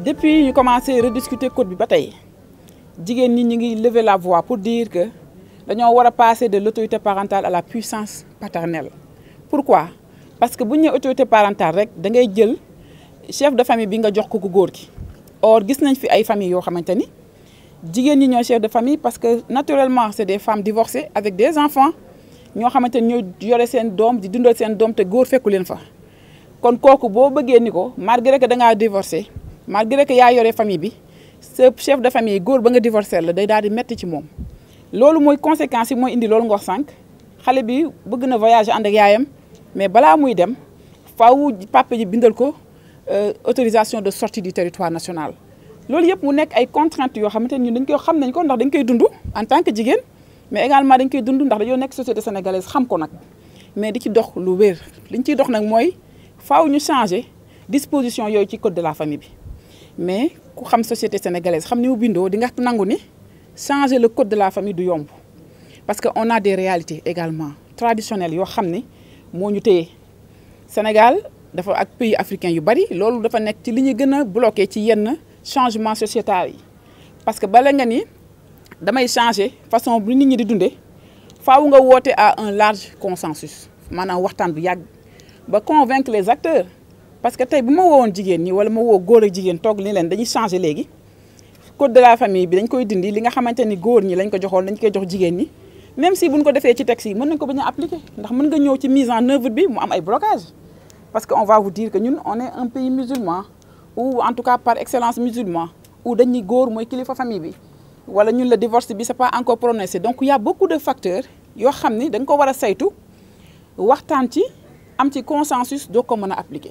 depuis ñu commencé rediscuter code bi de la Bataille, ñi ngi la voix pour dire que nous devons passer de l'autorité parentale à la puissance paternelle. pourquoi parce que si autorité parentale rek da ngay jël chef de famille bi nga jox ko or gis nañ fi ay famille yoo xamante ni ñi chefs chef de famille parce que naturellement c'est des femmes divorcées avec des enfants ñoo ont ni ñooy yore seen des di nous seen doom te góor fekku leen fa kon kooku boo bëggee que da divorcé malgré que y yore famille bi ce chef de famille góor ba nga divorcé la day daal di metti ci mom lolu moy conséquence moy indi lolu nga wax sànq bi bëgg na voyager ànd ak yaayam mais bala muy dem faaw papa ji bindal ko euh, autorisation de sortie du territoire national lolu yëpp mu nekk ay contraintes yo xamanteni ne ñun dañ koy xam nañ ko ndax dañ koy dund en tant que jigen mais également dañ koy dund ndax dañoo nekk société sénégalaise xam ko nak mais di ci dox lu wër liñ ci dox nak moy faaw ñu changer disposition yoy ci code de la famille bi mais ku xam société sénégalaise xam ni mu bindoo di changer le code de la famille du yomb parce que on a des réalités également traditionnelles yo xam ni le Sénégal dafa ak pays africain yu bari loolu dafa nek ci li ñu changement sociétal parce que bala nga ni damay changer façon bu nit ñi di dundé faaw nga woté à un large consensus maanaam waxtan bu ba convaincre les acteurs parce que tay buma ma jigen ni wala ma wo góor ak jigéen toog ni leen dañuy changé léegi code de la famille bi dañ koy dindi li nga xamante ni ñi lañ ko joxol dañ koy jox jigen ni même si buñ ko defee ci taxi yi mën nañ ko bañ appliquer appliqué ndax mën nga ñëw ci mise en œuvre bi mu am ay blocage parce que on va vous dire que ñun on est un pays musulman ou en tout cas par excellence musulman ou dañuy góor moy kilifa famille bi wala ñun le divorce bi c'est pas encore prononcé donc il y a beaucoup de facteurs yo xamni dañ ko wara saytu waxtaan ci am ci consensus do ko mën a appliqué